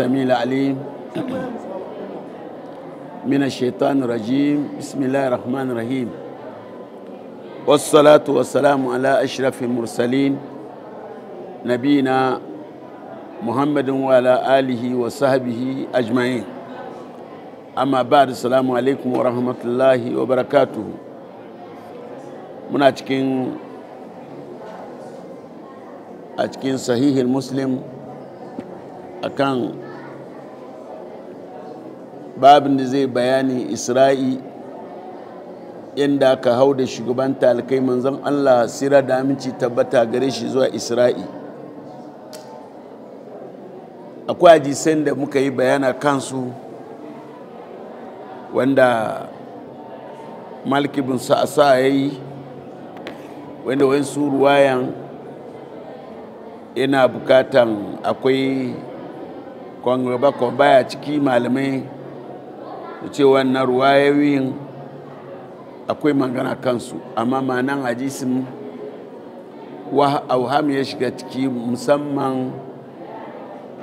السميع العليم من الشيطان الرجيم بسم الله الرحمن الرحيم والصلاة والسلام على أشرف المرسلين نبينا محمد وعلى آله وصحبه أجمعين أما بعد السلام عليكم ورحمة الله وبركاته مناتكين أتكين صحيح المسلم akan babin da zai bayani isra'i inda aka hau da shugaban talakai manzon allah sira da aminci tabbata gare shi zuwa isra'i akwai hadisan da muka yi bayana kansu wanda malki bin sa'asa ya yi wanda wani ruwayan yana bukatan akwai kwan baya ciki malamai da cewa na ruwayoyin akwai magana kansu amma manan hadisin auham ya shiga ciki musamman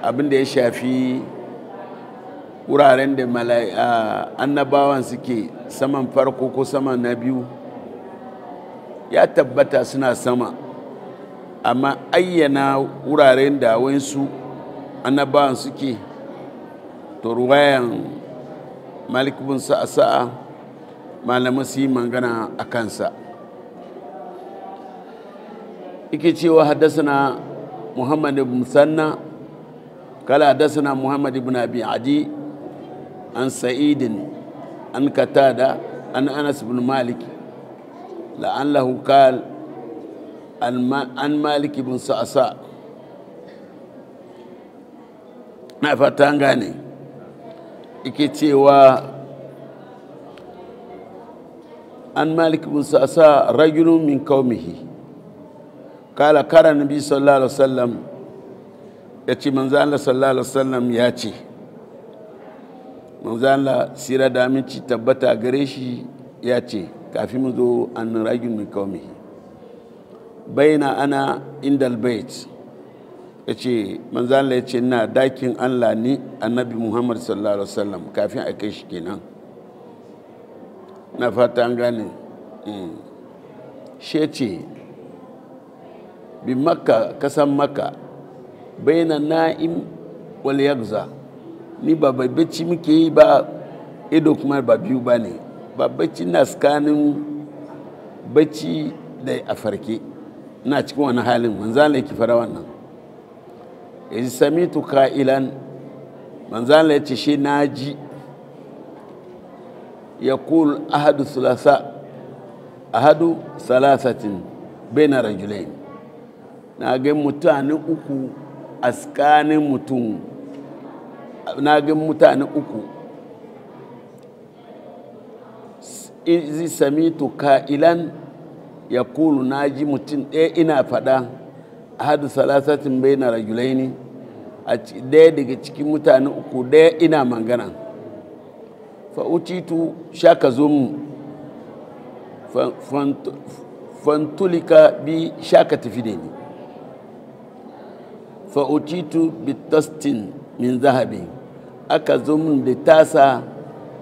abin da ya shafi wuraren da annabawan suke saman farko ko saman na biyu ya tabbata suna sama amma ayyana wuraren da su annabawan suke to ruwayan malik bin sa'asa'a malamin su yi mangana a kansa ike cewa haddasa muhammad ibn sanna kala haddasa na muhammad ibn abi adi an sa'idin an katada an anas bin malik la'allahu kal an malik ibn sa'asa'a na fata gane yake cewa an malik bin sa rajulun min qaumihi kala kara nabi sallallahu alaihi wasallam yace manzo Allah sallallahu alaihi wasallam ya ce manzo Allah sira da aminci tabbata gare shi ya ce kafin mu zo an ragin min qaumihi baina ana indal bait ya ce manzala ya ce na dakin allah ni annabi muhammad sallallahu alaihi wasallam kafin a kai shi kenan na fata an gane eh. shi ce bi makka kasan makka bai na na'im wal yagza ni ba bacci muke yi ba ido kuma ba biyu ba ne ba bacci na tsakanin bacci da a farke na cikin wani halin wanzan laiki fara wannan in samitu ka'ilan manzan ya ce shi naji ya kul ahadu sulasa ahadu salasatin bena rajulain na ga mutane uku a tsakanin mutum na ga mutane uku izi samitu ka'ilan ya kulu na ji mutum ɗaya ina faɗa ahadu salasatin bai na rajulaini a daya daga cikin mutane uku daya ina mangana fa'ucitu shaka zumu fantulika bi shaka tafi da ni bi bitastin min zahabi aka zumun da tasa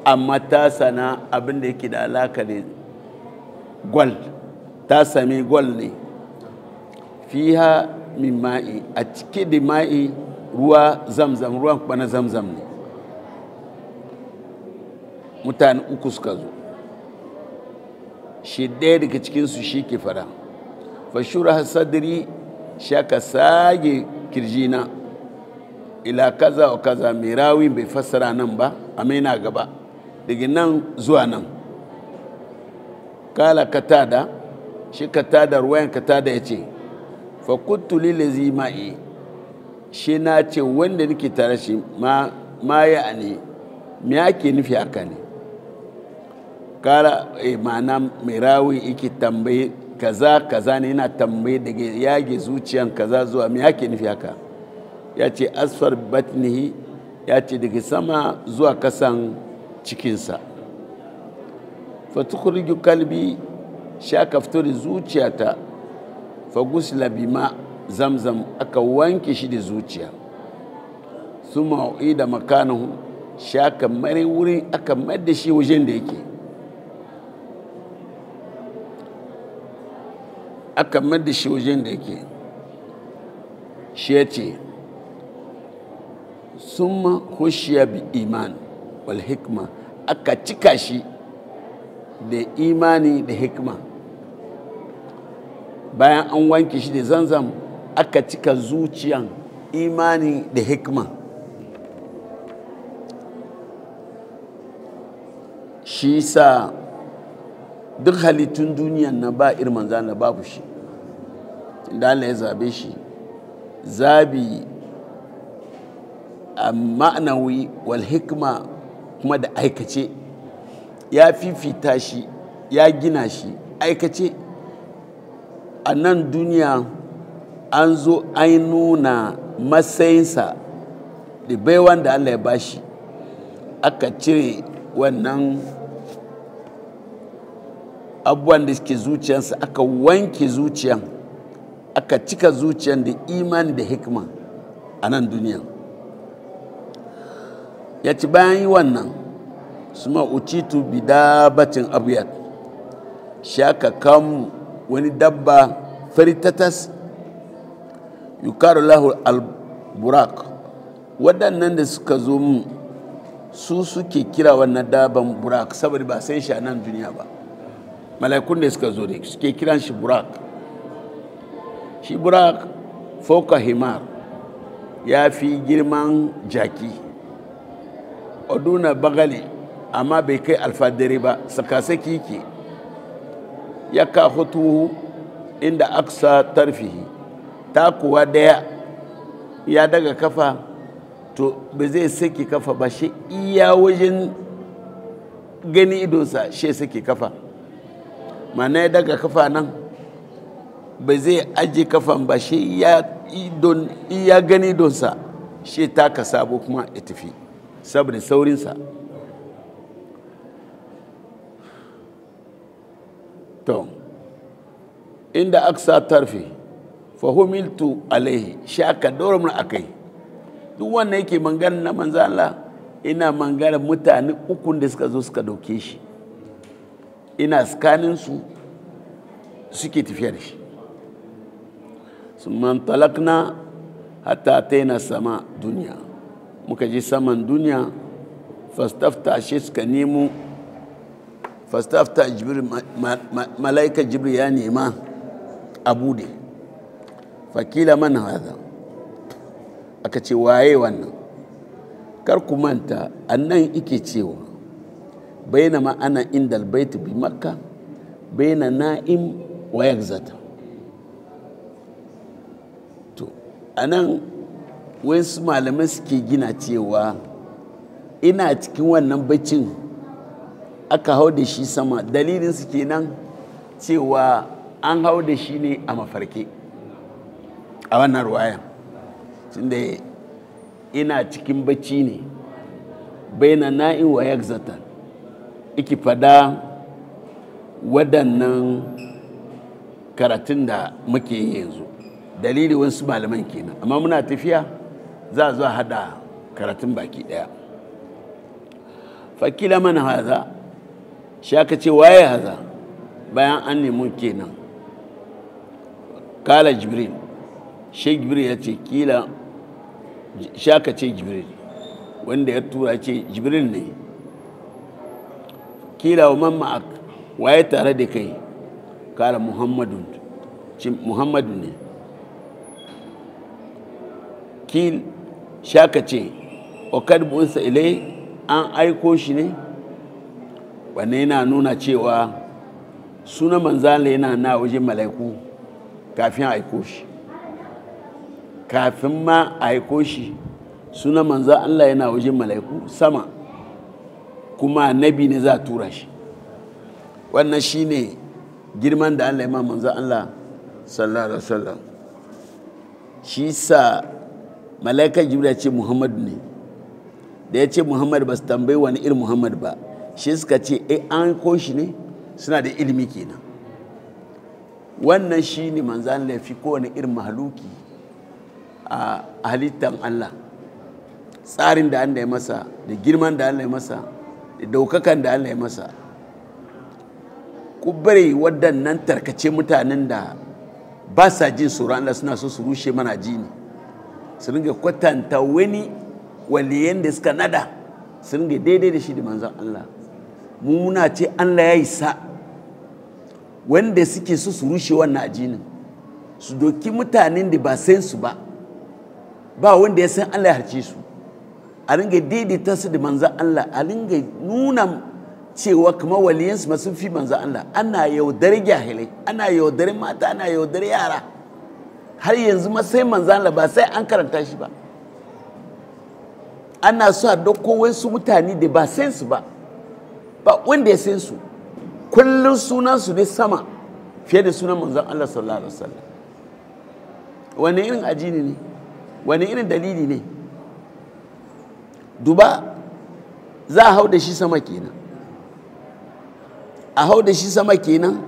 amma tasa na abin da yake da alaka da gwal ta sami gwal ne fiha min ma'i a cike da ma'i ruwa zamzam ruwan kwana zamzam ne mutane uku suka zo shi ɗaya daga cikinsu shi ke fara fashura hasadiri shi aka sage kirjina ila kaza wa kaza mai rawi bai fassara nan ba a maina gaba daga nan zuwa nan kala katada shi katada ruwayan katada ya ce fa kuntu lillazi ma'i shi na ce wanda nake tare shi ma ma ya ne me ake nufi haka ne kara eh, ma'ana mai rawi yake tambaye kaza kaza ne yana tambaye daga yage zuciyan kaza zuwa me ake nufi haka ya ce asfar batnihi ya ce daga sama zuwa kasan cikinsa fatukurigu kalbi sha ka fito da zuciyata fagusla ma zamzam aka wanke shi da zuciya su ma'o'i da makanahu shi aka mare wurin aka da shi wajen da yake aka da shi wajen da yake shi ya ce summa hushiya bi iman wal hikma aka cika shi da imani da hikma bayan an wanke shi da zanzam aka cika zuciyan imani da hikima shi sa duk halittun duniyan na ba irin irman na babu shi da Allah ya zabe shi zabi a ma'anawi wal hikima kuma da aikace ya fifita shi ya gina shi aikace a nan duniya an zo an nuna matsayinsa da bai da Allah ya bashi aka cire wannan abubuwan da suke zuciyarsa aka wanke zuciyan aka cika zuciyan da iman da hikima a nan duniya ya ci bayan yi wannan su da ucitu abu ya shaka kamu wani dabba ta yukaru alburak al-burak waɗannan da suka zo mu su suke kira wannan daban burak saboda ba san shi a nan duniya ba malakun da suka zo ne suke kiran shi burak shi burak foka himar ya fi girman jaki oduna bagali amma bai kai alfadari ba sakasaki ke yaka hutu inda aksa tarfihi kuwa daya ya daga kafa to ba zai saki kafa ba shi iya wajen gani idonsa shi saki kafa mana ya daga kafa nan ba zai aji kafan ba shi iya gani idonsa shi ta sabo kuma ya tafi saboda saurinsa to inda aksa tarfi fa alaihi shaka dora mun akai duk wannan yake mangana na manzo Allah ina mangana mutane uku da suka zo suka dauke shi ina skanin su suke tafiya da shi sun talakna hatta taina sama duniya muka ji saman duniya fastafta shi suka nemo fastafta jibril malaika jibril ya nema a bude fakila mana haza aka ce waye wannan kar ku manta annan ike cewa baina ma'ana ana indal bait bi makka baina na'im wa zata to anan wasu malamai suke gina cewa ina cikin wannan bacin aka hau da shi sama dalilinsu kenan cewa an hau da shi ne a mafarki a wannan ruwayan tunda ina cikin bacci ne baina na'in wa yakzatan iki fada waɗannan karatun da muke yi yanzu dalili wasu malaman kenan amma muna tafiya za a zo hada karatun baki ɗaya fakila mana haza shi aka ce waye haza bayan an nemi kenan kala jibril shi jibril ya ce kila shi aka ce jibril wanda ya tura ce jibril ne kila wa man ma'ak waye tare da kai kala muhammadun muhammadu ne kil shi aka ce o kad bunsa ilai an aiko shi ne wanne yana nuna cewa suna manzala yana na wajen mala'iku kafin aiko shi kafin ma aiko shi suna manzan Allah yana wajen mala'iku sama kuma nabi ne za a tura shi wannan shi ne girman da Allah ya ma manzan Allah sallallahu alaihi wasallam shi sa mala'ikan jibril ya ce muhammad ne da ya ce muhammad ba su tambayi wani irin muhammad ba shi suka ce e an koshi ne suna da ilimi kenan wannan shi ne manzan laifi kowane irin mahaluki a halittar Allah tsarin da Allah ya masa da girman da Allah ya masa da daukakan da Allah ya masa kubbare waɗannan tarkace mutanen da ba sa jin tsoron Allah suna so su rushe mana ji ne su ringa kwatanta wani waliyan da suka nada su ringa daidai da shi da manzan Allah muna ce Allah ya isa wanda suke su su rushe wannan ajinin su doki mutanen da ba san su ba ba wanda ya san Allah ya harce su a ringa daidaita su da manzan Allah a ringa nuna cewa kamar waliyansu masu fi manzan Allah ana yaudare gyahilai ana yaudare mata ana yaudare yara har yanzu ma sai manzan Allah ba sai an karanta shi ba ana so a dauko wasu mutane da ba san su ba ba wanda ya san su kullum sunan su ne sama fiye da sunan manzon Allah sallallahu alaihi wasallam wani irin ajini ne wani irin dalili ne duba za a hau da shi sama kenan a hau da shi sama kenan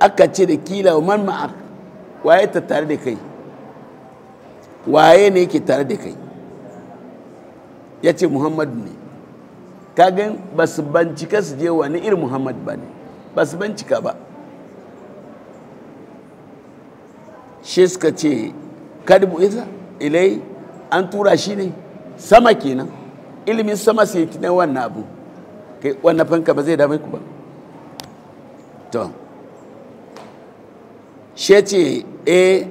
aka ce da kila man ma'ar waye ta tare da kai waye ne yake tare da kai ya ce muhammadu ne kagan ba su bincika su je wani irin muhammad ba ne ba su bincika ba shi suka ce kadibu isa ilai an tura shi ne sama kenan ilimin sama sai kinan wannan abu kai wannan fanka ba zai dame ku ba to shi ce eh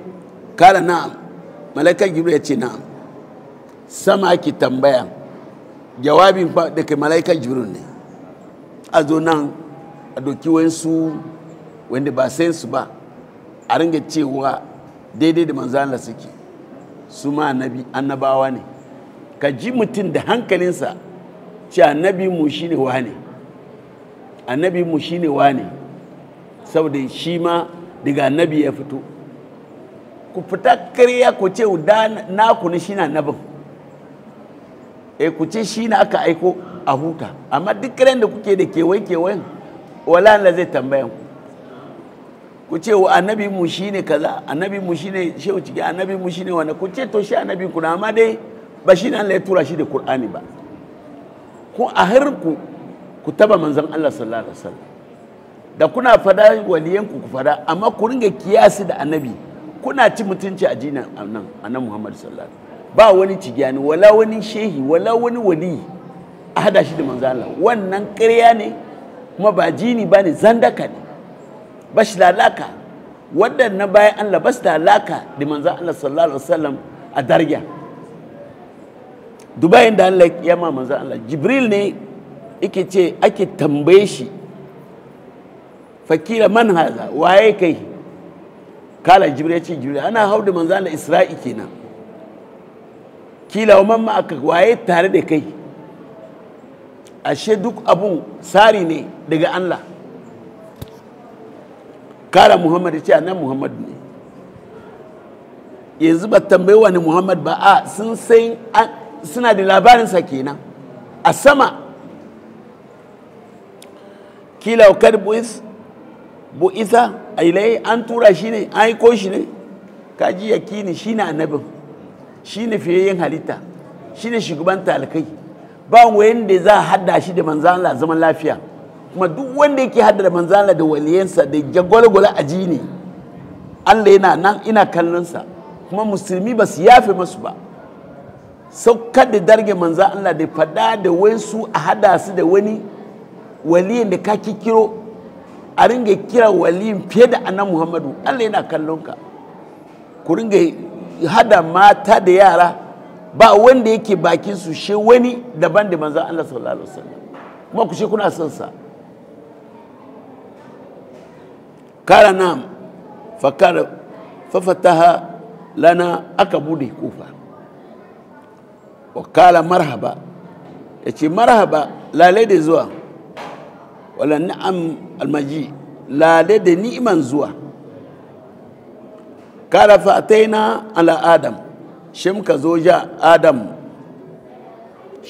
kara na malakar gibu ya ce na sama ki tambaya jawabin daga mala'ikan jibril ne a zo nan a doki wansu wanda ba sayan su ba a ringa cewa daidai da manzana suke su ma annabawa ne ka ji mutum da hankalinsa ce annabi mu wa wane annabi mu wa wane saboda shi ma daga annabi ya fito ku fita kariya ku ce na naku ne na annabin eh ku ce shi ne aka aiko a huta amma duk ran da kuke da kewaye kewayen wala la zai tambaya ku ku ce wa annabi mu ne kaza annabi mu shine shehu ciki annabi mu ne wanda ku ce to shi annabi ku na amma dai ba shi ne Allah ya tura shi da Qur'ani ba ku a harku ku taba manzon Allah sallallahu alaihi wasallam da kuna fada waliyan ku ku fada amma ku ringa kiyasi da annabi kuna ci mutunci a jinan annan annabi Muhammad sallallahu alaihi wasallam ba wani cigiyani wala wani shehi wala wani wali a hada shi da manzo Allah wannan ƙarya ne kuma ba jini ba ne zandaka ne ba shi da alaka bayan Allah ba su da alaka da manzan Allah sallallahu alaihi wasallam a darja Dubai da Allah ya ma manzan Allah Jibril ne yake ce ake tambaye shi fakira man haza waye kai kala Jibril ya ce Jibril ana hau da manzan Allah Isra'i kenan kila wa mamma aka waye tare da kai ashe duk abu sari ne daga Allah kara Muhammad ya ce a nan Muhammad ne yanzu ba tambayi wani Muhammad ba a sun sai suna da labarinsa kenan a sama kila kad bu'is bu'isa ilai an tura shi ne an ko shi ne kaji yakini shi ne annabin shine fiyayyen halitta shine shugaban talakai ba wanda za a hada shi da manzan Allah zaman lafiya kuma duk wanda yake hada da manzan Allah da waliyansa da jagwalgwala a jini Allah yana nan ina kallon sa kuma musulmi ba su yafe masu ba saukar da darge manzan Allah da fada da wasu a hada su da wani waliyin da ka kikiro a ringa kira waliyin fiye da annan Muhammadu Allah yana kallon ka ku ringa hada mata da yara ba wanda yake bakin su she wani daban da manzon Allah sallallahu alaihi wasallam kuma ku she kuna son sa kara nam fakara fafataha lana aka bude kufa wa kala marhaba yace marhaba lalai da zuwa wala na'am almaji lalai da ni'iman zuwa kala fa'ataina ala adam shi muka zo ja adam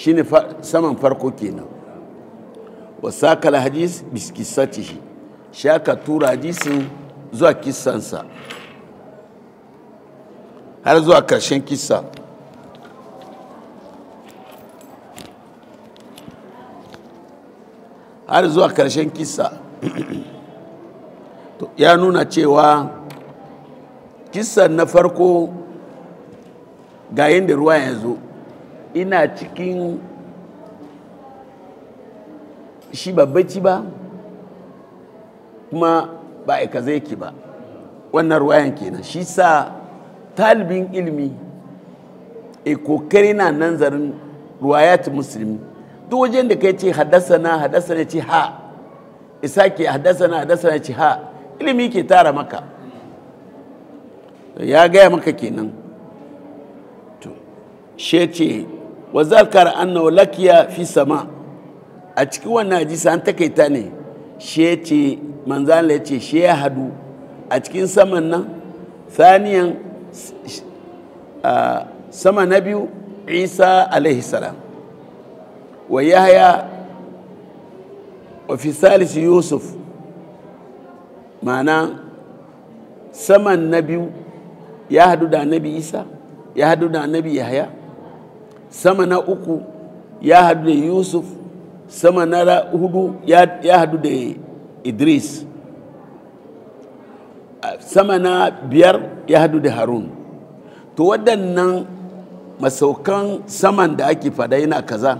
ne saman farko kenan wasakal hadis biskisatihi shi aka tura hadisin zuwa kissansa har zuwa karshen kissa har zuwa karshen kissa ya nuna cewa kisan na farko ga yadda ruwa ya zo ina cikin shi babbaci ba kuma ba aika zai ke ba wannan ruwayan kenan shi sa talibin ilimi a e kokari na nan zarin ruwayat musulmi duk wajen da kai ce haddasana haddasana ce ha isa ke haddasana haddasana ce ha ilimi ke tara maka ya gaya maka kenan to she ce wa zakar annahu lakiya fi sama a cikin wannan hadisi an takaita ne she ce manzan ya ce she ya hadu a cikin saman nan saniyan sama na biyu isa alaihi salam wa yahya wa fi salisu yusuf ma'ana saman na biyu ya hadu da annabi isa ya hadu da annabi yahya sama na uku ya hadu da yusuf sama na hudu ya hadu da idris sama na biyar ya hadu da harun to waɗannan masaukan saman da ake fada yana kaza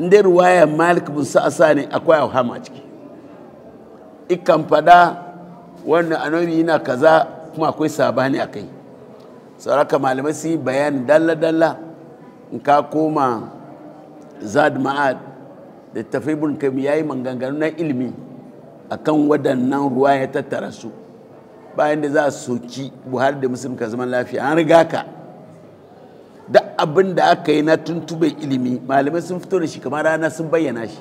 inda ruwaya malik bin sa'asa ne akwai hama ciki ikan fada wannan annabi yana kaza kuma akwai sabani a kai sauraka malamai su yi bayan dalla-dalla in ka koma zad ma'ad da tafi burkami ya yi manganganu na ilimi a kan waɗannan ruwa ya tattara su bayan da za a soki buhari da musulun ka zaman lafiya an riga ka da abin da aka yi na tuntube ilimi malamai sun fito da shi kamar rana sun bayyana shi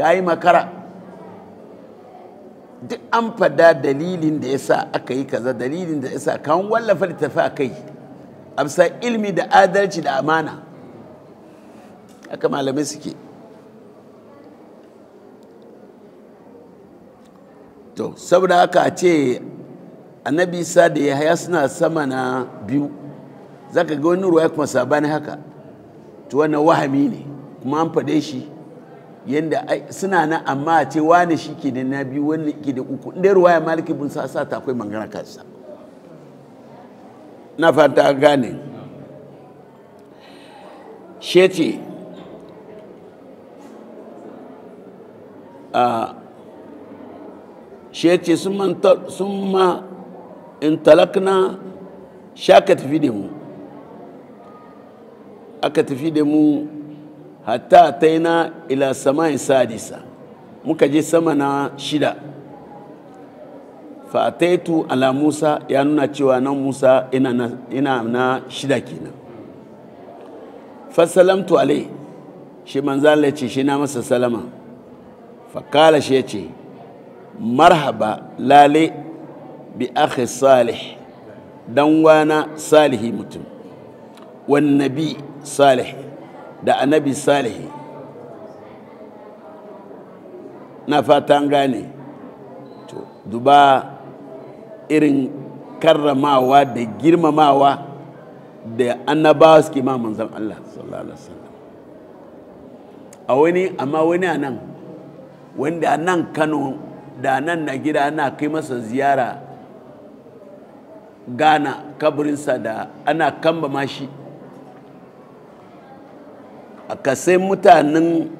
ka yi makara duk an fada dalilin da ya sa aka yi kaza dalilin da ya sa kan wallafa littafi a kai amsa ilmi da adalci da amana aka malamai suke to saboda haka a ce annabi isa da yahaya suna sama na biyu zaka ga wani ruwa kuma sabani haka to wannan wahami ne kuma an fade shi yadda suna nan amma a ce wane shi ke da na biyu wani ke da uku inda ruwaya maliki bin sa'sa ta akwai mangana kansa na fata gane she ce a ah, shi ce sun ma in talakna sha ka tafi da mu aka tafi da mu hatta ta yi na ila sadisa muka je sama na shida fataitu ala musa ya nuna cewa nan musa ina na shida kenan fasalamtu alai shi manzala ce shi na masa salama fakala shi ya ce marhaba lale bi akhi salih dan wana salihi mutum wannabi salih da annabi salih na fatan gane duba irin karramawa da girmamawa da annabawa suke ma manzan Allah sallallahu alaihi wasallam a wani amma wani a nan wanda a nan Kano da nan na gida ana kai masa ziyara gana kaburinsa da ana kamba mashi shi ka sai mutanen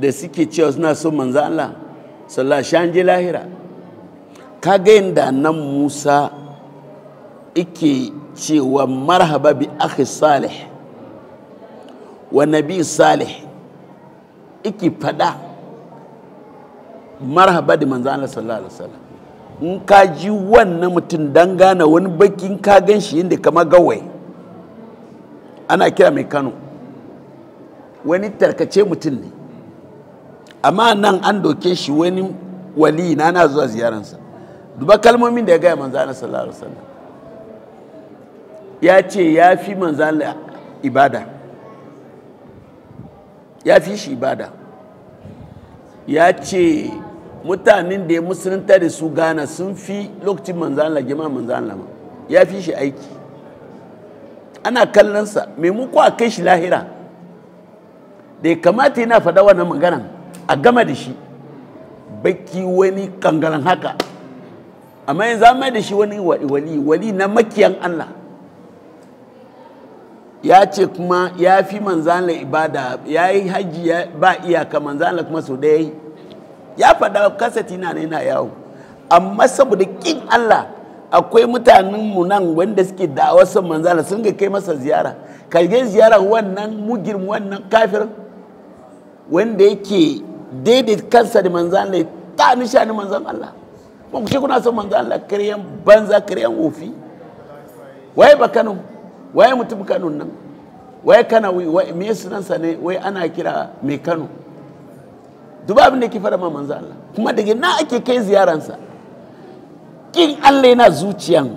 da suke cewa suna so manzo Allah sallallahu lahira ka ga da nan Musa ike cewa marhaba bi akhi salih wa nabi salih ike fada marhaba da manzo Allah sallallahu alaihi in ka ji wannan mutum dangana wani bakin ka gan shi inda kama gawai ana kira mai kano wani tarkace mutum ne amma nan an doke shi wani wali na na zuwa ziyararsa duba kalmomin da ya gaya manzo na sallallahu alaihi ya ce ya fi manzo ibada ya fi shi ibada ya ce mutanen da ya musulunta da su gana sun fi lokacin manzo Allah gima manzo Allah ya fi shi aiki ana kallonsa me mu a kai shi lahira da ya kamata yana faɗa wannan maganan a gama da shi baki wani kangaren haka amma yanzu an mai da shi wani wali wali na makiyan Allah ya ce kuma ya fi manzana ibada ya yi hajji ba iyaka manzana kuma sau da ya faɗa kasati na yana yawo amma saboda kin Allah akwai mutanen mu nan wanda suke da son manzana sun ga kai masa ziyara kai ziyara wannan mugir wannan kafirin wanda yake daidai kansa da manzan Allah ta nishani manzan Allah kuma kushe kuna son manzan Allah kariyan banza kariyan wofi waye ba Kano waye mutum Kano nan waye kana waye me sa ne waye ana kira mai Kano duba abin da yake fara ma manzan Allah kuma daga na ake kai ziyaransa kin Allah yana zuciyan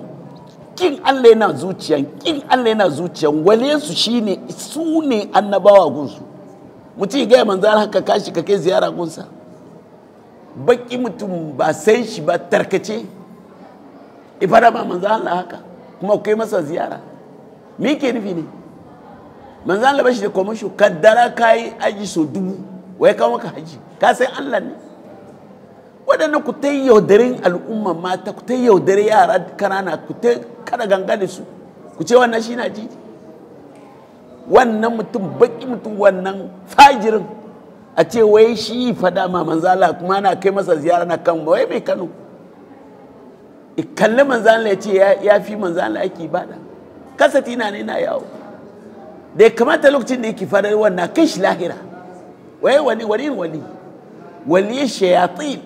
kin Allah yana zuciyan kin Allah yana zuciyan wale su shine su ne annabawa gunsu mutum ya gaya manzo Allah kashi ka kai ziyara gunsa baki mutum ba san shi ba tarkace ifada ba manzo Allah haka kuma kai masa ziyara me yake nufi ne manzo Allah bashi da komisho kaddara kai aji so dubu wai ka maka haji ka sai Allah ne waɗannan ku ta yaudarin al'umma mata ku ta yaudare yara kanana ku ta kada ganga da su ku ce wannan shi na jiji wannan mutum baki mutum wannan fajirin a ce wai shi fada ma manzala kuma na kai masa ziyara na kan wai mai kano kalli manzala ya ce ya fi manzala ake bada kasati na ne na yawo da ya kamata lokacin da yake fara wannan kai shi lahira wai wani wani wani wali shayatin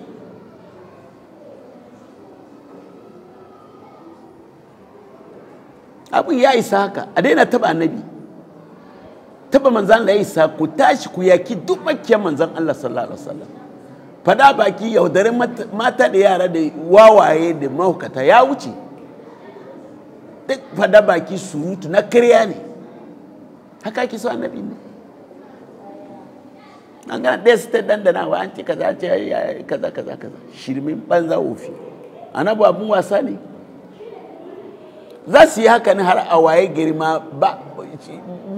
abin ya isa haka a daina taba annabi taba manzan Allah ya ku tashi ku yaki duk makiyan manzan Allah sallallahu alaihi wasallam fada baki yaudarin mata da yara da wawaye da mahukata ya wuce duk fada baki surutu na kariya ne haka ki so annabi ne an gana ɗaya su ta dandanawa an ce kaza ce kaza kaza kaza shirmin banza wofi annabi abun wasa ne za su yi haka ne har a waye girma ba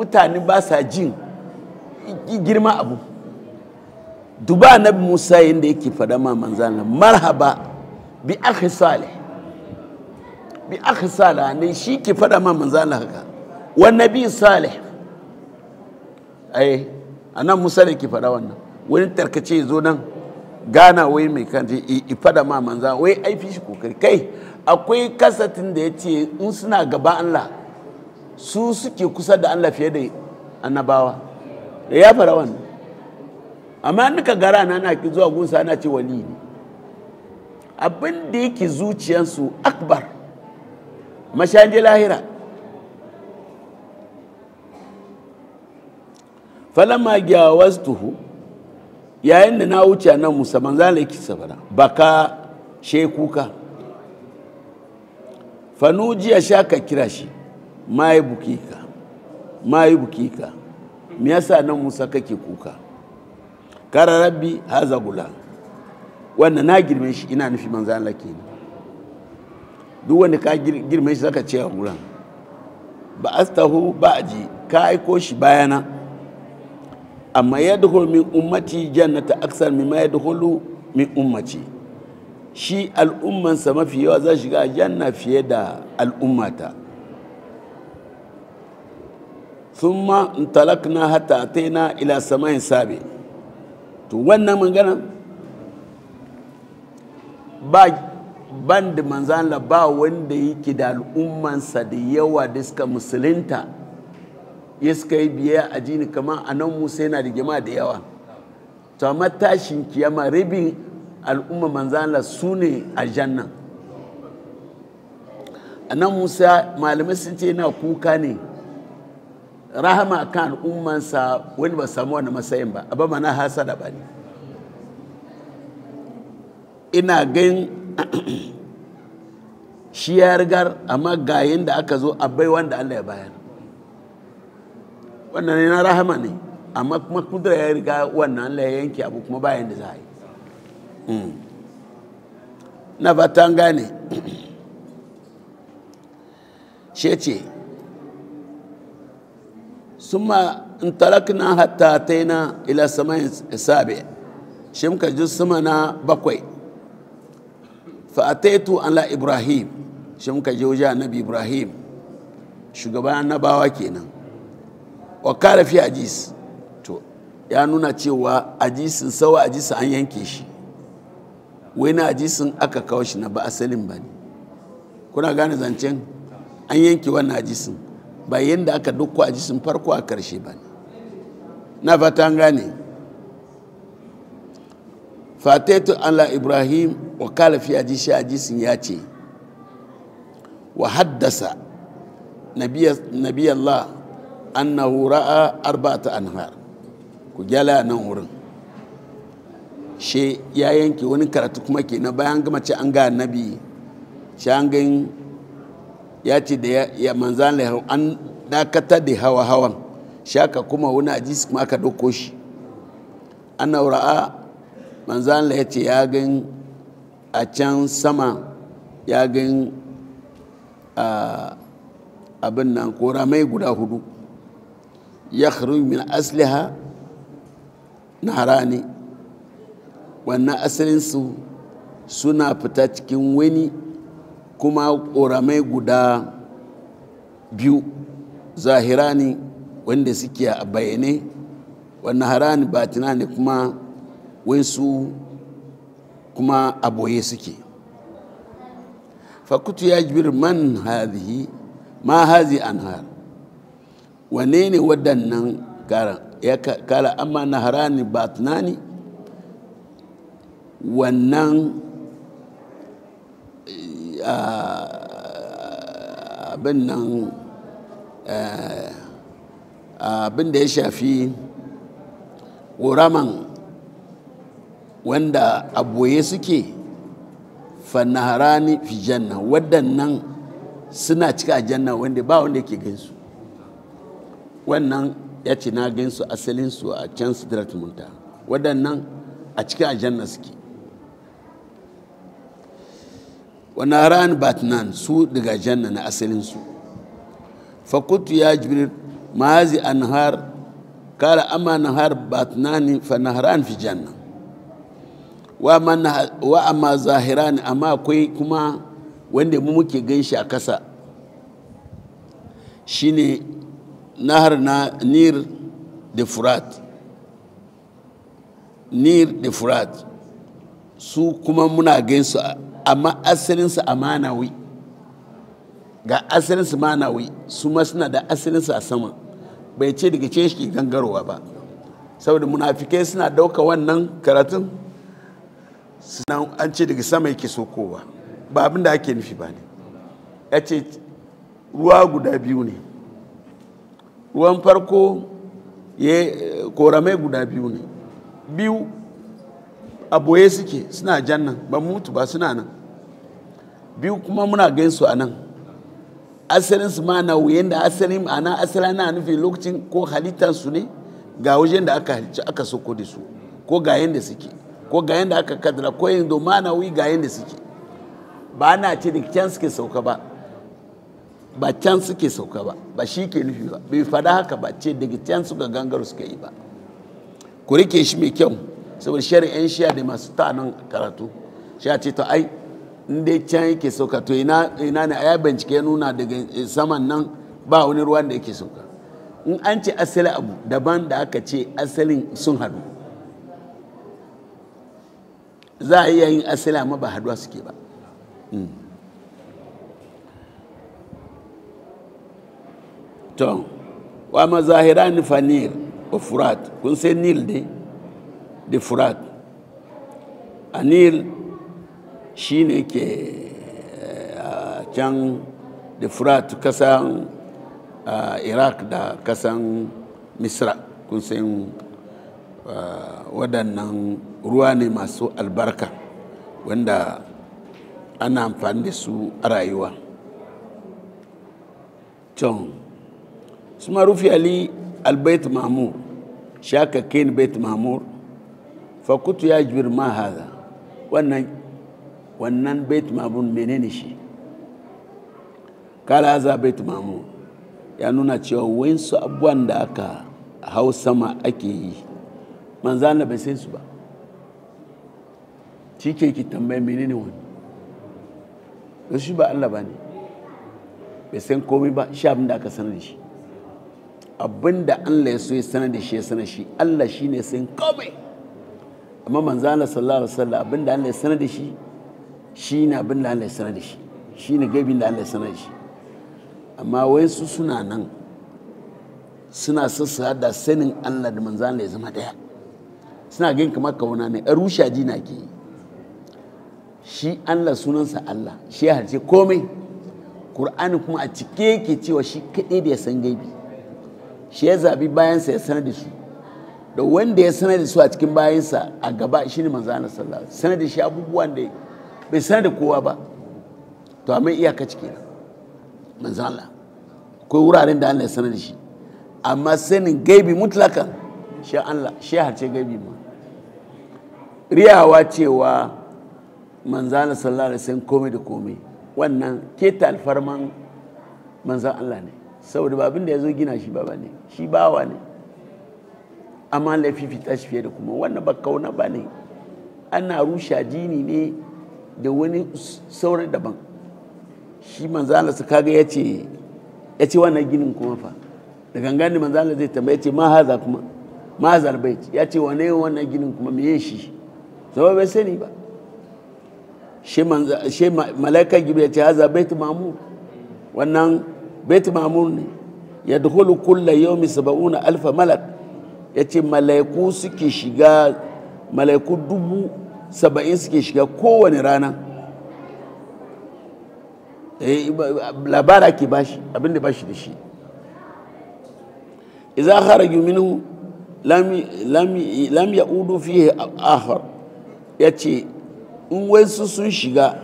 mutane ba sa jin girma abu duba na musa yadda yake fada ma manzana marhaba bi akhi salih bi akhi salih ne shi ke fada ma manzana haka wannan bi nabi ayi a nan musa ne ke fada wannan wani tarkace zo nan gana wai mai kanti i fada ma manzana wai aifi shi kokari kai akwai kasatin da ya ce in suna gaba Allah su suke kusa da Allah fiye da annabawa da ya fara wannan amma nika gara na na ki zuwa gunsa na ce wali ne abin da yake zuciyansu akbar mashaje lahira falamma gyawastuhu yayin da na wuce nan musamman za la sabara baka shekuka fanujiya sha ka kira shi ma yi bukika ma yi ka me yasa nan musa kake kuka kara rabbi haza gula wannan na girme shi ina nufi manzo Allah ke duk wanda ka girme shi zaka ce a guran ba astahu ba aji ka aiko shi bayana amma ya dukul min ummati jannata aksar mimma ya min ummati shi sa mafi yawa za shiga janna fiye da al'ummata na hata hatta na ila samain sabi to wannan magana ba ban da ba wanda yake da al'ummansa da yawa da suka musulunta ya suka yi biya a jini kamar a nan musa yana da jama'a da yawa to amma tashin kiyama rabin al'umma manzala su ne a jannan a nan musa malamai sun ce yana kuka ne rahama kan al'ummansa wani ba samu wani matsayin ba abin mana hasada ba ne ina gan shi ya rigar amma ga da aka zo a bai wanda Allah ya bayar wannan ne na rahama ne amma kuma kudura ya riga wannan Allah ya yanke abu kuma bayan da za a yi hmm. na fatan gane shi ce summa intalakna hatta na ila samai sabi shi muka ji na bakwai fa ala ibrahim shi muka je wajen ibrahim shugaban annabawa kenan wa kare fi ajis ya nuna cewa ajisin sawa ajisin an yanke shi wai na ajisin aka kawo shi na ba asalin ba ne kuna gane zancen an yanke wannan ajisin ba yadda aka dukku a jisun farko a karshe ba ne na fatan gane fataitu allah ibrahim wa kalafi a jishi a jisun ya ce wa haddasa nabiyallah annahu ra'a arba'ata anhar ku gyala nan wurin she ya yanke wani karatu kuma ke na bayan gama ce an ga nabi shi an gani ya ce da ya manzan lahar an dakata da hawa hawan shaka kuma wani ajis kuma aka ɗauko shi an ra'a manzan ya ce ya gan a can sama ya gan abin nan kora mai guda hudu ya min asliha na harani wannan asalinsu suna fita cikin wani kuma ƙoramai guda biyu zahirani wanda suke a bayyane wannan harani batina ne kuma su kuma aboye suke fakutu ya jibir man hazihi ma hazi har wane ne waɗannan karan ya kala amma na harani ne wannan Eh, abin nan eh, abin da ya shafi ƙoraman wanda aboye suke ni fi janna waɗannan suna cika janna wanda ba wanda ke gaisu wannan ya ce na gaisu asalinsu a can sidrat munta waɗannan a cika janna suke wani ran batnan su daga janna na asalinsu fakutu ya jibril a anhar kala amma nahar batnani fa nahran fi janna wa amma zahiran amma akwai kuma wanda mu muke ganshi a kasa shine nahar na nir da furat nir da furat su kuma muna gaisu. amma a ga asalinsa manawi su suna da asalinsa a sama bai ce daga ce shi gangarowa ba saboda munafikai suna dauka wannan karatun suna an ce daga sama yake sokowa ba abin da ake nufi ba ne ya ce ruwa guda biyu ne ruwan farko ya eh, koramai guda biyu ne biyu a boye suke suna jan nan ba mutu ba suna nan biyu kuma muna su a nan asalin su ma na wuyen da asalin ma'ana asala na nufin lokacin ko halittar su ne ga wajen da aka halicci aka soko da su ko ga yadda suke ko ga yadda aka kadara ko yin doma na wuyi ga yadda suke ba na ce da can suke sauka ba ba can suke sauka ba ba shi ke nufi ba bai fada haka ba ce daga can suka gangaro suka yi ba ku rike shi mai kyau saboda shari'a yan shiya da masu ta nan karatu shi a ce to ai in dai can yake sauka to ina ne a ya bincike ya nuna daga eh, saman nan ba wani ruwan da yake sauka in an ce asali abu daban da aka ce asalin sun hadu za a iya yin asali amma ba haduwa suke ba hmm. to wa fa nil wa furat kun sai nil dai da furat a nil shi ne ke eh, a can da furat kasan iraq da kasan misra kun san waɗannan ruwa ne masu albarka wanda ana amfani da su a rayuwa can su marufi ali albait mahmur shaka kain bait mahmur fakutu ya jibir ma haza wannan wannan bait mamun menene shi kala haza bait mamun ya nuna cewa su abuwan da aka hau sama ake yi manzana bai sai su ba cike ke ki tambaye menene wani da shi ba Allah ba ne bai san komai ba shi abin da aka sanar da shi abin da Allah ya so ya sanar da shi ya sanar shi Allah shi ne san komai amma manzo Allah sallallahu alaihi wasallam abinda Allah ya sanar da shi shine abinda Allah ya sanar da shi shine gabin da Allah ya sanar da shi amma su suna nan suna sassa da sanin Allah da manzo Allah ya zama daya suna gan kamar kauna ne a rusha ji na ke shi Allah sunansa Allah shi ya harce komai Qur'ani kuma a cike yake cewa shi kaɗai da ya san gaibi shi ya zabi bayansa ya sanar da su da wanda ya sanar da su a cikin bayansa a gaba shi ne manzana sallah sallallahu sanar da shi abubuwan da bai sanar da kowa ba to amma iyaka cike manzo manzana akwai wuraren da Allah ya sanar da shi amma sanin gaibi mutlakan shi Allah shi harce gaibi ma riyawa cewa manzana sallah sallallahu alaihi komai da komai wannan keta alfarman manzan Allah ne saboda babin da ya zo gina shi ba ne shi bawa ne amma fita shi fiye da kuma wannan ba kauna ba ne ana rushe addini ne da wani saurin daban shi manzala su kaga ya ce ya ce wannan ginin kuma fa da gangane manzala zai tambaya ce ma haza kuma ma hazar bai ya ce wane wannan ginin kuma me shi zama bai sani ba shi malaika gibe ya ce haza bait mamur wannan bait mamur ne ya dukulu kulla mai saba'una alfa malak ya ce malaiku suke shiga malaiku dubu saba'in suke shiga kowane rana eh, labara ke bashi abinda bashi da shi iza haraju minhu lam udu fihi ahar ya ce in wasu sun shiga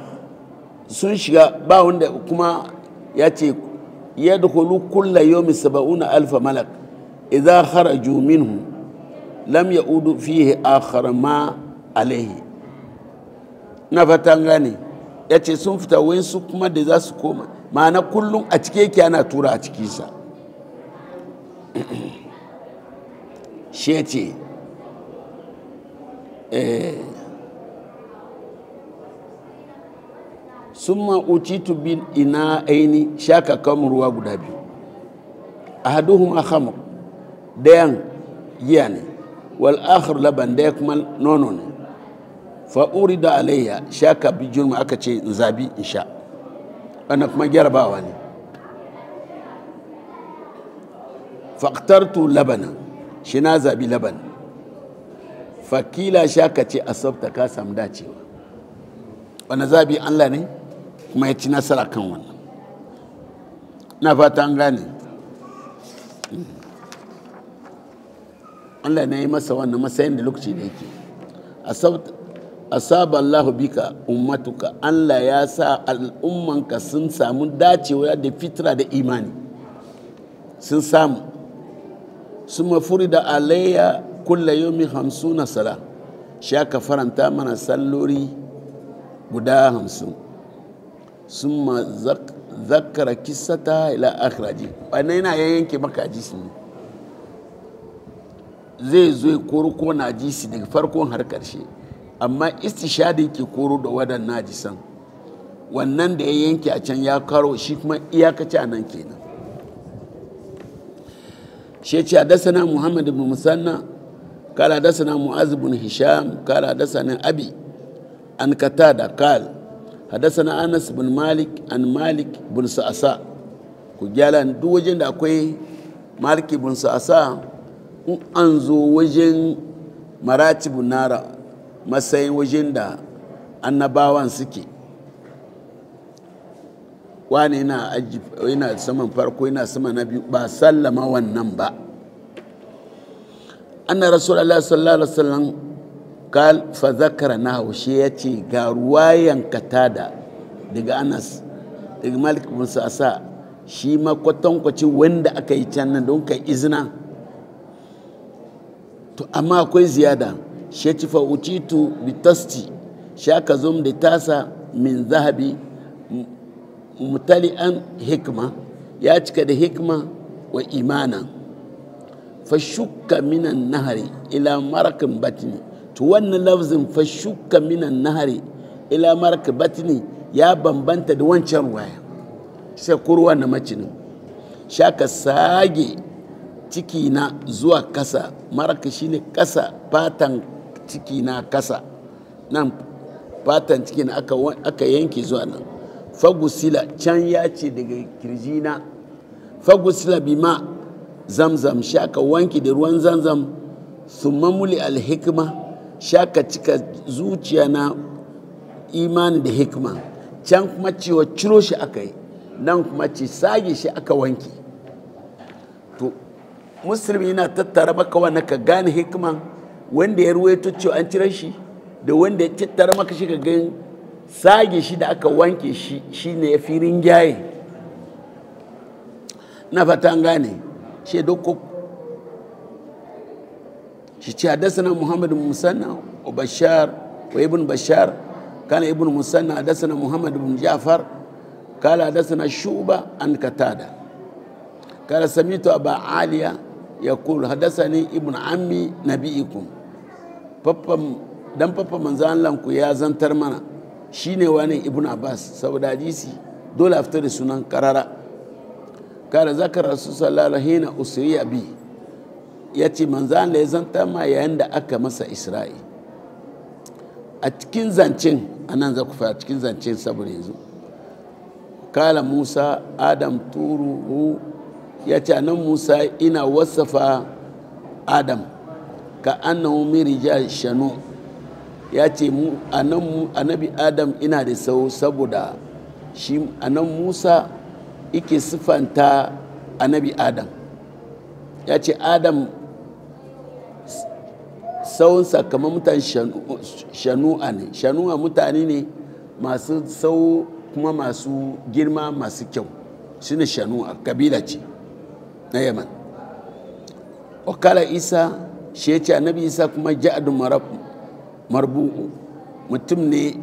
sun shiga ba wanda kuma ya ce yadkhulu kulla yomi saba'una alfa malaka idza kharaju minhu lam udu fihi akhar ma alaihi na fatan gane ya ce sun fita wayansu kuma da za su koma ma'ana kullum a cike yake ana tura a cikinsa shi ce sun ma'ucitu bin ina aini shaka kan ruwa guda biyu a haduhun a hamur dayan giya ne wal akhir laban daya kuma nono ne fa da alayya shaka bi jirma aka ce in zabi in sha wannan kuma gyarbawa ne faktartu labana shi na zabi laban fakila shaka ce asabta ka samu dacewa wani zabi allah ne kuma ya ci nasara kan wannan na fata an gane Allah ne yi masa wannan matsayin da lokaci da yake asaba Allah bika ummatuka Allah ya sa al'ummanka sun samu dacewa da fitra da imani sun samu sun mafuri da alayya kulla yomi hamsu na sala sha ka faranta mana sallori guda hamsin sun ma zakara kisata ila akhiraji wannan yana yanke maka ajisun ne zai zo koro ko najisi daga farkon har karshe amma istishadin ke koro da wadan najisan wannan da ya yanke a can ya karo shi kuma iyakaci a nan kenan shi ce hadasana muhammad ibn musanna kala hadasana mu'az ibn hisham kala hadasana abi an katada kal hadasana anas ibn malik an malik ibn sa'asa ku gyalan duk wajen da akwai malik ibn sa'asa in an zo wajen maratibu nara matsayin wajen da annabawan suke wani yana aji yana saman farko yana sama na biyu ba sallama wannan ba anna rasulullahi sallallahu alaihi wasallam kal fa zakara haushe ya ce ga ruwayan katada daga Anas daga Malik musa sa shi ma kwatankwacin wanda aka yi can nan don ka izina to amma akwai ziyada shi ci fa ucitu bi tasti shi aka zo da tasa min zahabi mutali'an hikma ya cika da hikma wa imana fashukka minan nahari ila marakin batini to wannan lafzin fashukka minan nahari ila marakin batini ya bambanta da wancan ruwaya sai kurwa na macinin shaka sage ciki na zuwa kasa maraka shine kasa fatan cikina kasa nan fatan cikina aka, aka yanke zuwa nan fagusila can ya ce daga kirji na fagusila bi ma zamzam shi aka wanki da ruwan zamzam su mamuli alhikma shaka cika zuciya na imani da hikma can kuma cewa ciro shi aka yi nan kuma ce sage shi aka wanki musulmi yana tattara maka wannan ka gane hikman wanda ya ruwaito cewa an cire shi da wanda ya tattara maka shi ka gan sage shi da aka wanke shi shine ya firin jaye na fata an gane shi doko shi ce hadasana muhammad musanna wa bashar wa ibn bashar kana ibn musanna hadasana muhammad ibn ja'far kala hadasana shuba an katada kala samitu aba aliya يقول حدثني ابن عمي نبيكم بابا dan fafa manzalanku ya zantar mana shine wani ibn abbas saboda hadisi dole a fita da sunan karara kare zakara su sallallahu hina usriya bi ya ce manzan da ya zanta ma yayin da aka masa isra'i a cikin zancen anan za ku fa a cikin zancen saboda yanzu Kale musa adam turuhu ya ce nan musa ina wasafa adam ka annahu mirija shanu ya ce annabi adam ina da sau saboda shi anan musa ike siffanta annabi adam ya ce adam sauwansa kamar mutane a ne a mutane ne masu sau kuma masu girma masu kyau shi shanu a kabila ce na yaman wakala isa shi ya ce annabi isa kuma ja'adun marbu'u mutum ne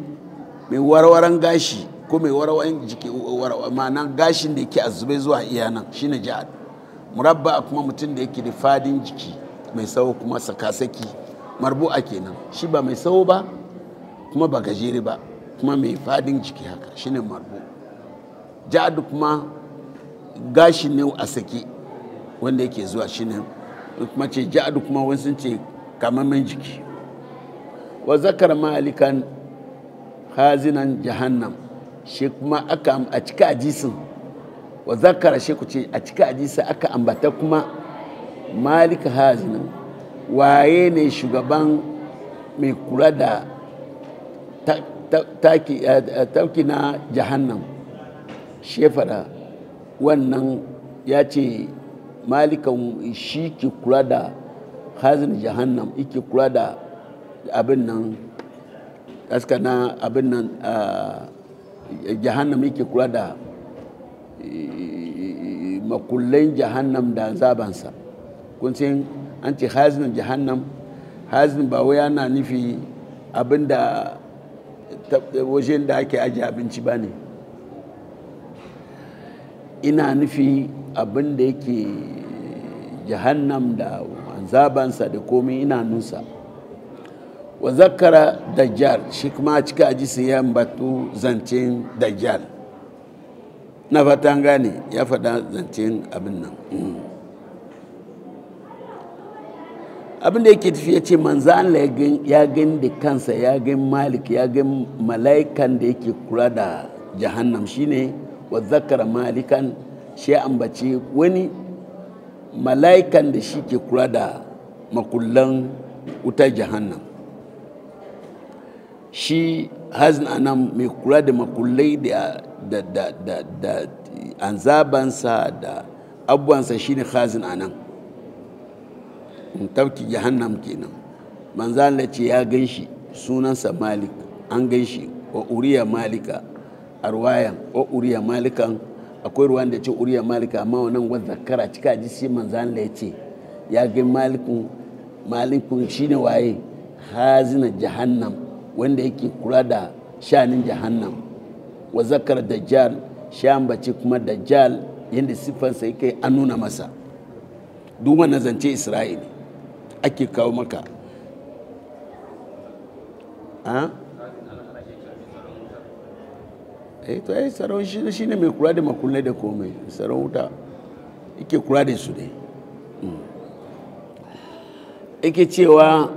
mai warwaran gashi ko mai warwaran jiki ma'ana gashin da yake azube zuwa iya nan ne ja'ad murabba kuma mutum da yake da fadin jiki mai sawo kuma sakasaki a kenan shi ba mai sawo ba kuma ba gajere ba kuma mai fadin jiki haka shi ne marbu ja'ad kuma gashi ne a sake wanda yake zuwa shi ne kuma ce ja'adu kuma wani sun ce kamamin jiki wa zakar malikan hazinan jahannam shi kuma aka a cika ajisin wa zakara shi ku ce a cika ajisa aka ambata kuma malika hazinan waye ne shugaban mai kula da tauki na jahannam shefara wannan ya ce malikan shi ke kula da hazin jahannam ike kula da abin nan aska na abin nan jahannam ike kula da e, makullan jahannam da zabansa kun san an ce hazin jahannam hazin ba wai yana nufi abin da wajen da ake ajiye abinci ba ne ina nufi abin da yake jahannam da zabansa da komai ina nusa wa zakara dajjal shi kuma cika ji ajisi ya batu zancen dajjal na fatan gane ya fada zancen abin nan mm. abin da yake tafiya ce manzan ya gan da kansa ya gan malik ya gan mala'ikan da yake kula da jahannam shine wa zakara malikan shi ambaci wani mala'ikan da shi ke kula da makullan wutar jahannan shi hazin anan mai kula da makullai da da da da da anzabansa da shine hazin anan tafki jahannan kenan manzan ce ya gan shi sunansa malik an gan shi wa uriya malika arwayan wa uriya malikan akwai ruwan da ce uriya malika amma wannan wa zakara cika ji shi manzan da ya ce ya ga malikun malikun shine waye hazina jahannam wanda yake kula da shanin jahannam wa zakar dajjal shan bace kuma dajjal yadda siffansa yake an nuna masa duk wannan zance isra'ili ake kawo maka ah? eh to ai tsaron shi shine mai kula da makulle da komai tsaron wuta yake kula da su ne mm. yake cewa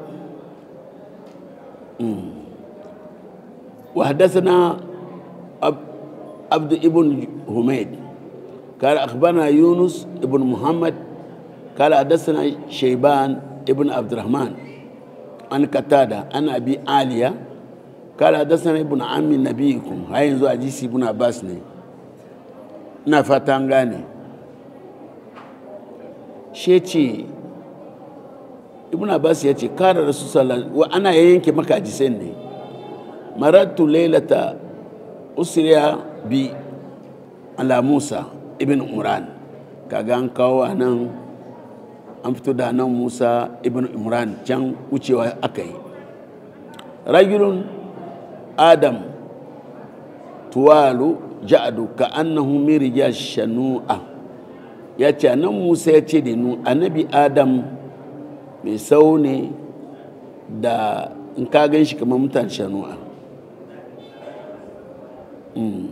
mm, wa hadathana abd ibn humayd قال أخبرنا يونس ابن محمد قال حدثنا شيبان ابن عبد الرحمن عن عن kala da hadathana ibn ammi nabiyikum har yanzu jisi ibn abbas ne ina fata an gane she ce ibn abbas ya ce kara rasu sallallahu wa ana yanke maka jisai ne marattu lailata usriya bi ala musa ibn umran kaga an kawo nan an fito da nan musa ibn umran can wucewa aka yi rajulun adam tuwalu ja'adu ka annahu mirja shanu'a ya ce nan musa ya ce da nu annabi adam mai sau ne da in ka gan shi kamar mutan shanu'a mm.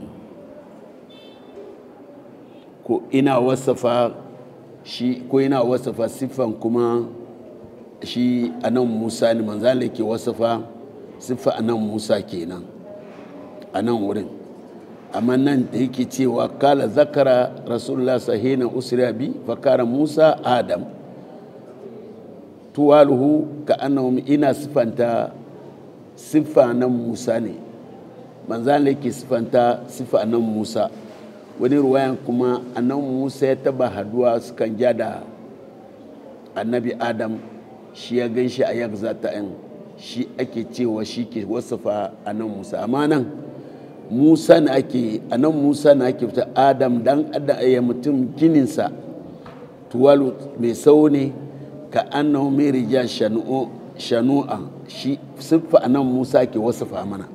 ko ina wasafa shi ko ina wasafa siffan kuma shi a nan musa ne manzala ke wasafa siffa a nan musa kenan a nan wurin amma nan da yake cewa kala zakara rasulullah sahina usra bi fakara musa adam tuwaluhu ka annahum ina siffanta siffa nan musa ne manzan da yake siffanta siffa nan musa wani ruwayan kuma a nan musa ya taba haduwa sukan ja da annabi adam shi ya gan shi a ta ta'in shi ake cewa shi ke wasafa a nan musa amma nan musa na ake a nan musa na ake fita adam dan adam ya mutum gininsa tuwalu mai sau ne ka na mai rija shanu'a shi siffa a nan musa ke wasafa mana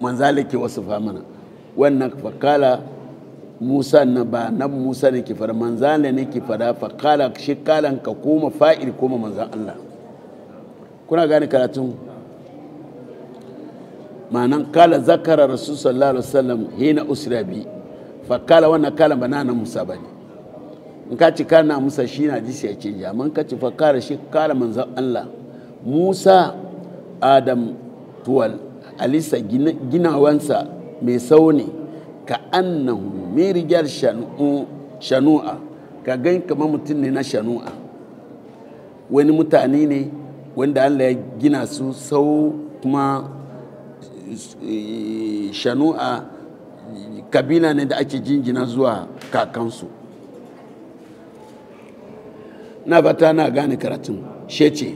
manzali ke wasafa mana wannan fakala musa na ba nan musa ne ke fara manzali ne ke fara fakala shi kalan ka koma fa'ir koma manzan allah kuna gane karatun ma'anan kala zakara rasul sallallahu alaihi wasallam hina usra bi fa kala wannan kala ba musa ba ne in ka ci kana musa shi na jisi ya ce ya man ka ci fa kala shi kala manzan allah musa adam tuwal alisa ginawansa mai sauni ka annahu mai rigar shanu'a ka gan kamar mutum ne na shanu'a wani mutane ne wanda Allah ya gina su sau kuma eh, shanu a kabila ne da ake jinjina zuwa kakansu na fata na gane karatun shece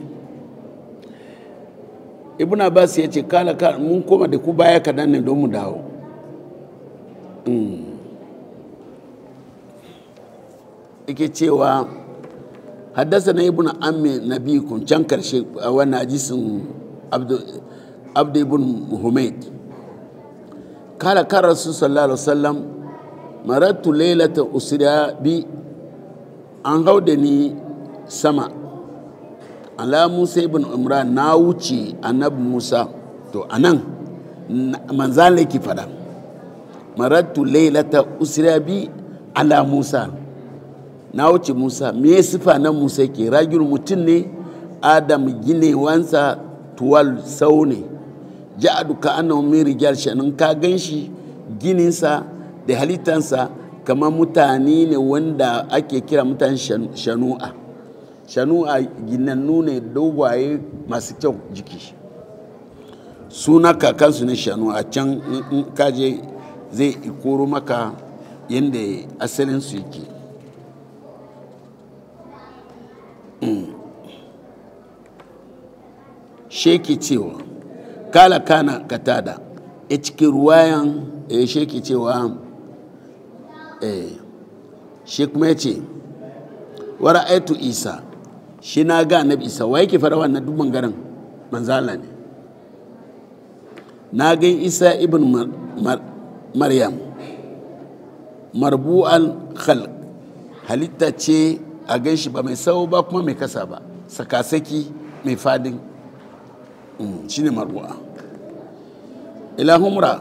ibuna ba ya ce kala kala mun koma da ku baya kadan ne don mu dawo ike hmm. cewa haddasa na ibn ammi nabikun can karshe a wannan hadisin abdu ibn humaid kala kara su sallallahu alaihi wasallam maratu lailata usriya bi an hau hauda ni sama ala musa ibn imran na wuce annabi musa to anan manzan laki fada maratu lailata usriya bi ala musa na wuce musa me sifa na musa ke ragin mutum ne adam ginewansa tuwal sau ne a ka ana min rijal shanin ka ganshi gininsa da halittansa kamar mutane ne wanda ake kira mutane shanu'a shanu'a ginannu ne dogwaye masu kyau jiki suna kakansu ne a can kaje zai ikoro maka yadda asalinsu yake sheki cewa kala kana katada ya e cikin ruwayan ya e, sheki cewa e, shi kuma ya ce wara aitu isa shi na ga na isa wa yake fara wannan dubban garin manzala ne na gan isa ibn maryam marbu'an halitta ce a gan shi ba mai sau ba kuma mai kasa ba sakasaki mai fadin mm, shi ne marwa ilahumra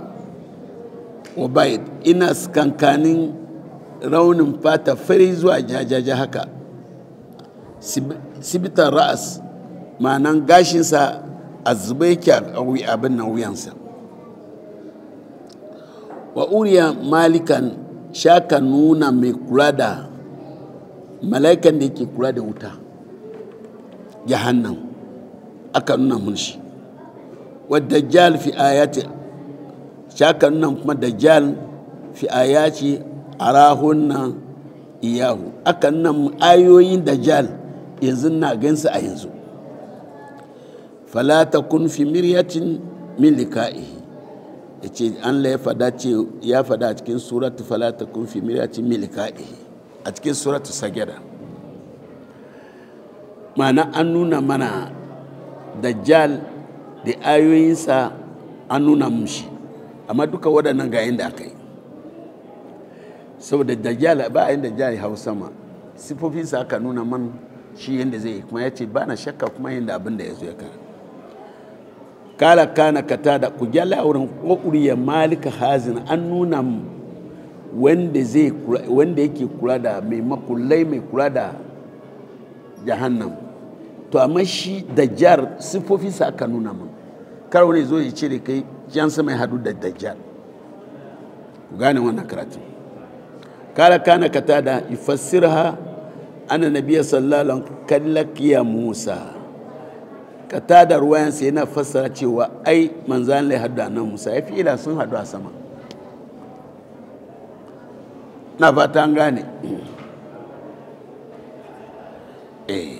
obaid ina kankanin raunin fata fari zuwa jajaja haka sibitar ra'as ma'anan gashinsa a zubai ki abin na wuyansa wa uriya malikan shaka nuna mai kula da mala'ikan da yake kula da wuta jahannam aka nuna mun shi wadda jal fi ayati shaka nuna kuma dajjal fi ayati rahunan iyahu aka nuna ayoyin dajjal yanzu na gansu a yanzu falata kun fi miryatin min lika'ihi ya ce an ya fada cikin suratu falata kun fi miryatin min lika'ihi a cikin suratu sagada ma'ana an nuna mana dajjal da ayoyinsa an nuna mushi amma duka waɗannan ga da aka yi saboda dajjal ba a yadda jihar hau sama sifofinsa aka nuna man shi yadda zai yi kuma ya ce ba na shakka kuma yadda abin da ya zo ya ka kala kana kata da ku a wurin ƙuriya malika hazin an nuna wanda yake kula da mai makullai mai kula da jahannam to amma shi da jar sifofi sa aka nuna mun karo ne zo ya ce da kai jan sama ya hadu da dajjar ku gane wannan karatu kala kana kata da ifassirha ana nabiya sallallahu kallakiya musa kata da ruwayansa yana fassara cewa ai manzan lai hadu a nan musa ya fi ila sun hadu a sama na fatan an gane eh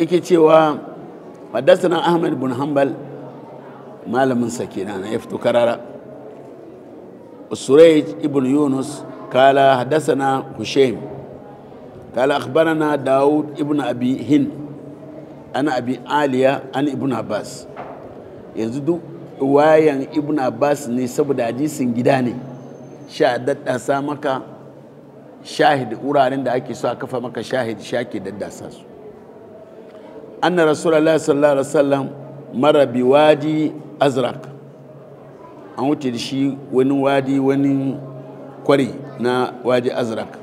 ike hmm. cewa haddasa ahmad bin hanbal malamin sa kenan ya fito karara usuraj ibn yunus kala haddasa na hushaim قال أخبرنا داود ابن أبي هند أنا أبي آلية أنا ابن عباس يزدو wayan ibn abbas ne saboda hadisin gida ne sha daddasa maka shahid wuraren da ake so a kafa maka shahid shake daddasa su anna rasulullah sallallahu alaihi wasallam mara bi wadi azraq an wuce da shi wani wadi wani kwari na wadi azraq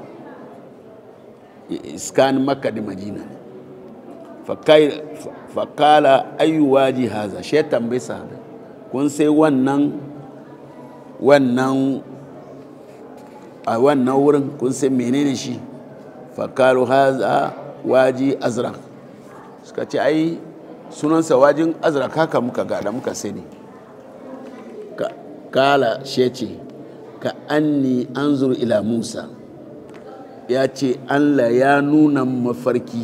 iskan makka da madina ne fakala ayyuwa jihaza shi tambayi sahabi kun sai wannan wannan a wannan wurin kun sai menene shi fakalu haza waji azra suka ce ai sunansa wajin azra haka muka gada muka sani kala shi ce ka anni anzur ila musa ya ce Allah ya nuna mafarki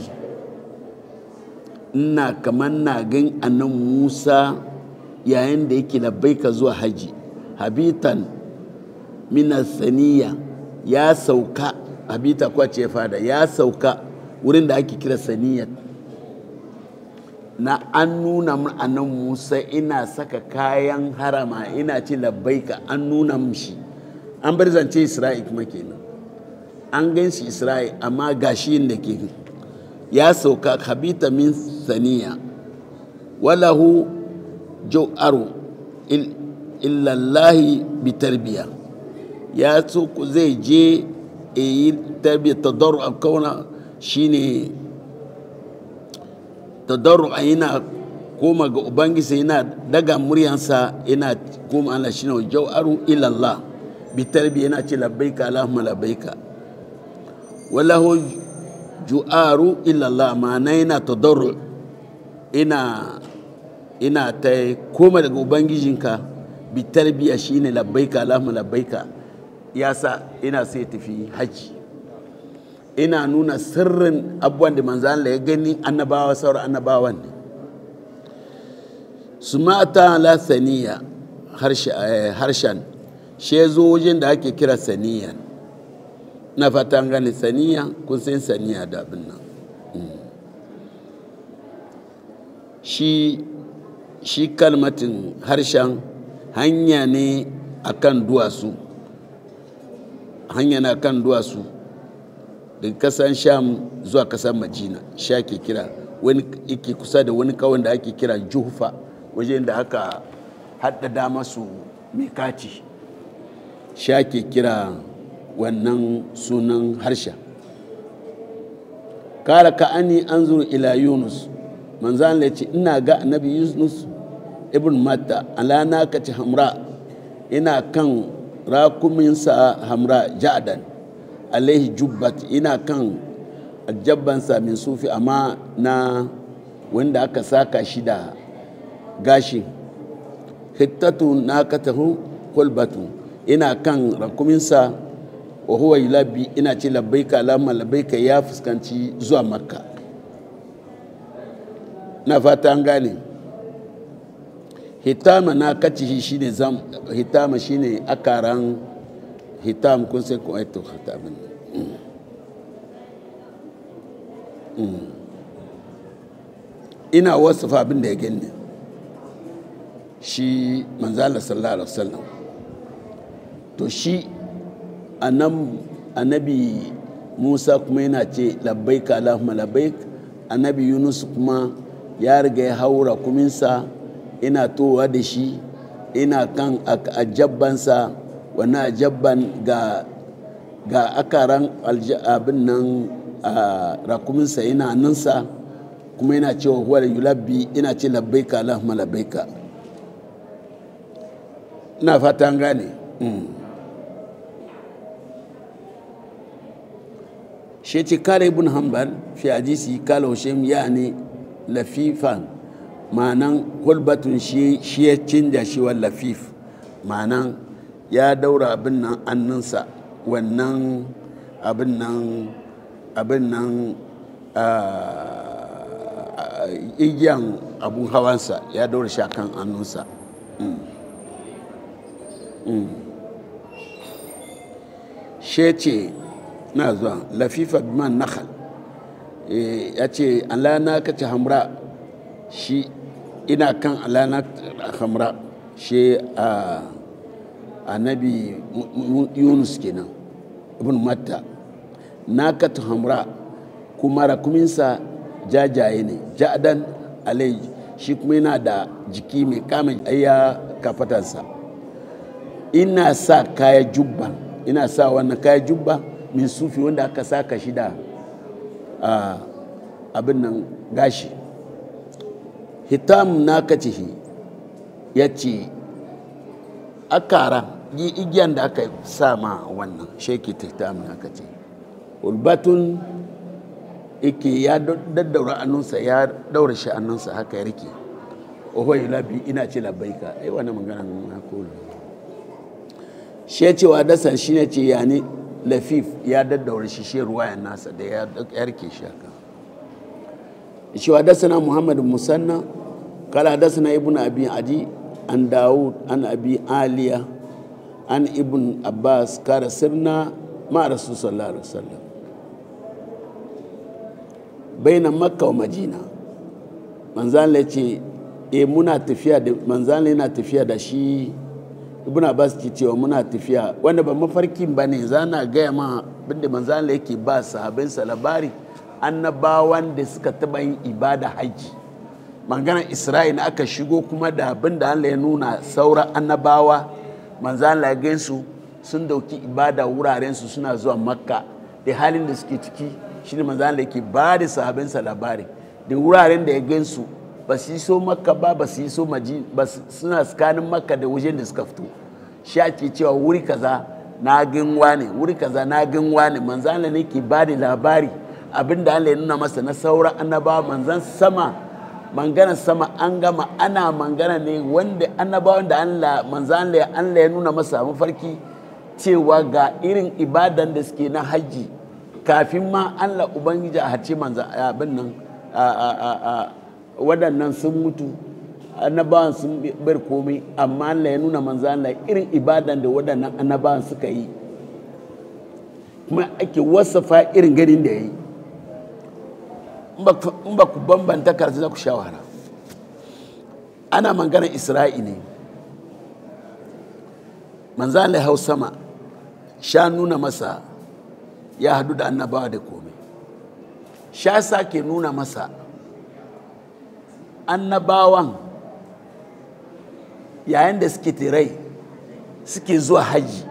ina kamar na gan annan Musa yayin da yake labbaika zuwa haji habitan minasaniya ya sauka habita kuwa ce fada ya sauka wurin da ake kira saniya na an nuna min annan Musa ina saka kayan harama ina ce labbaika an nuna mushi an bar zance Isra'il kuma kenan an gan shi isra'il amma shi da ke ya sauka habita min saniya walahu jo'aru illallahi tarbiya ya tsoko zai je a yi tarbiya daru a kauna shine daru a yana koma ga ubangisa yana daga muryansa yana koma ana shine jo'aru illallah tarbiya yana ce labbaika allahumma labbaika walahu ju'aru illallah ma'ana yana tadarru ina ina ta koma daga ubangijinka bi tarbiya shine labbaika allahumma labbaika yasa ina sai hajji ina nuna sirrin abubuwan da manzo Allah ya gani annabawa sauran annabawan ne su mata la saniya eh, harshen shi zo wajen da ake kira saniya. na fata an saniya kun san saniya da abin nan hmm. shi kalmatin harshen hanya ne akan duwatsu hanya na kan duwatsu daga kasan sham zuwa kasan majina sha ke kira wani ike kusa da wani kawon da ake kira jufa wajen da aka haddada masu mikati sha ke kira wannan sunan harshen kara ka an zuru ila yunus manzan ya ce ina ga annabi yunus ibn matta alana ka ci hamra ina kan rakuminsa hamra ja'adan alaihi jubbat ina kan ajabbansa min sufi amma na wanda aka saka shi da gashi hittatu na katahu kulbatu ina kan rakuminsa wa huwa yulabi ina ce labbaika alama labbaika ya fuskanci zuwa makka na fata an gane hitama na shi ne zam hitama ne akaran hitam kun sai ito aito ne mm. ina wasu abin da ya gani shi manzala sallallahu alaihi wasallam to shi a nan annabi musa kuma yana ce ka allahumma labbai annabi yunus kuma ya riga ya haura kuminsa ina towa da shi ina kan ajabbansa wani ajabban ga ga akaran abin nan rakuminsa ina nansa kuma yana cewa huwa da yulabbi ina ce labbaika allahumma ka ina fata gane mm. shi ce kare ibn hanbal fi hadisi kala hushaim ya ne lafifan ma'anan hulbatun shi ya canja shi wa lafif ma'anan ya daura abin nan annansa wannan abin nan abin nan ah, ah, igiyan abun hawansa ya daura shi kan annunsa mm. mm. shi ce na zuwa lafifa biman nahal eh, ya ce alana ka ci hamra shi ina kan alana hamra shi a annabi yunus kenan ibn matta na ka ci hamra kuma rakuminsa jajaye ne jadan alai shi kuma yana da jiki mai kama ayya kafatansa ina sa kaya jubba ina sa wannan kaya jubba min sufi wanda aka saka shi da abin nan gashi hitam na kacihi ya ce akara yi igiyan da aka sa ma wannan sheki hitam na kace ulbatun yake ya daddaura annunsa ya daura shi annunsa haka ya rike oho yi labi ina ce labaika ai wani maganan na kolo shi ya ce wa dasan shi ne ce ya ne lafif ya daddaure shi shi ruwayan nasa da ya yarke shi haka shi wa dasana muhammad musanna kala dasana ibn abi adi an dawud an abi aliya an ibn abbas kara sirna ma rasul sallallahu alaihi wasallam baina makka wa madina manzan ce e eh, muna tafiya da manzan yana tafiya da shi ibn abbas ke cewa muna tafiya wanda ba mafarkin ba ne za na gaya ma abinda manzan yake ba sahabinsa labari annabawan da suka taba yin ibada haji maganar isra'il aka shigo kuma da abin da allah ya nuna sauran annabawa manzan lagen su sun dauki ibada wuraren su suna zuwa makka da halin da suke ciki shine manzan yake ba da sahabinsa labari da wuraren da ya gansu ba su so makka ba ba su so maji ba suna tsakanin makka da wajen da suka fito shi ake cewa wuri kaza na ginwa ne wuri kaza na ginwa ne manzana ne ke ba da labari abin da Allah ya nuna masa na saura annaba manzan sama mangana sama an gama ana mangana ne wanda annabawa da Allah manzan Allah ya nuna masa mafarki cewa ga irin ibadan da suke na hajji kafin ma Allah ubangiji a hace manzan abin nan waɗannan sun mutu annabawan sun bar komai amma Allah ya nuna manzo Allah irin ibadan da waɗannan annabawan suka yi kuma ake wasafa irin garin da ya yi in ba ku bambanta karatu za ku shawara ana magana isra'ili manzo Allah ya hau sama sha nuna masa ya hadu da annabawa da komai sha sake nuna masa annabawan yayin da suke tirai suke zuwa hajji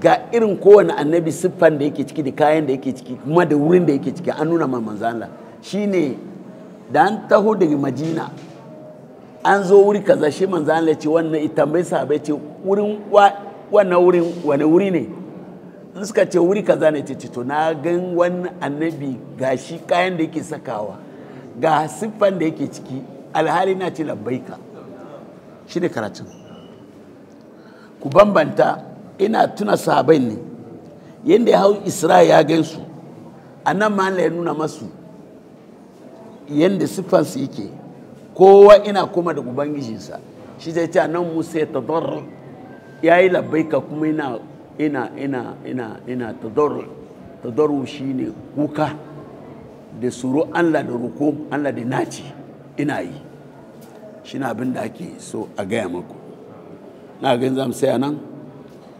ga irin kowane annabi siffan da yake ciki da kayan da yake ciki kuma da wurin da yake ciki an nuna ma manzala shine da an taho daga madina an zo wuri kaza shi manzala ce wannan ita mai sahabai ce wurin wannan wurin wani wuri ne in suka ce wuri kaza ne ce to na gan wani annabi gashi kayan da yake sakawa ga siffan da yake ciki alhali na ce labbaika shi ne karatun ku bambanta ina tuna sabai ne yadda ya hau israi ya gansu a nan ma ya nuna masu yadda siffansu yake kowa ina kuma da ubangijinsa shi zai ce nan musa ya tadar ya yi labbaika kuma ina ina ina shi ne kuka da tsoro Allah da roko Allah da naci ina yi shi na abin da ake so a gaya maku na gani za mu saya nan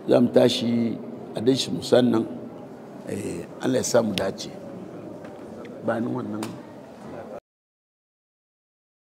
za mu tashi a dashi musannan eh, Allah ya samu dace bani wannan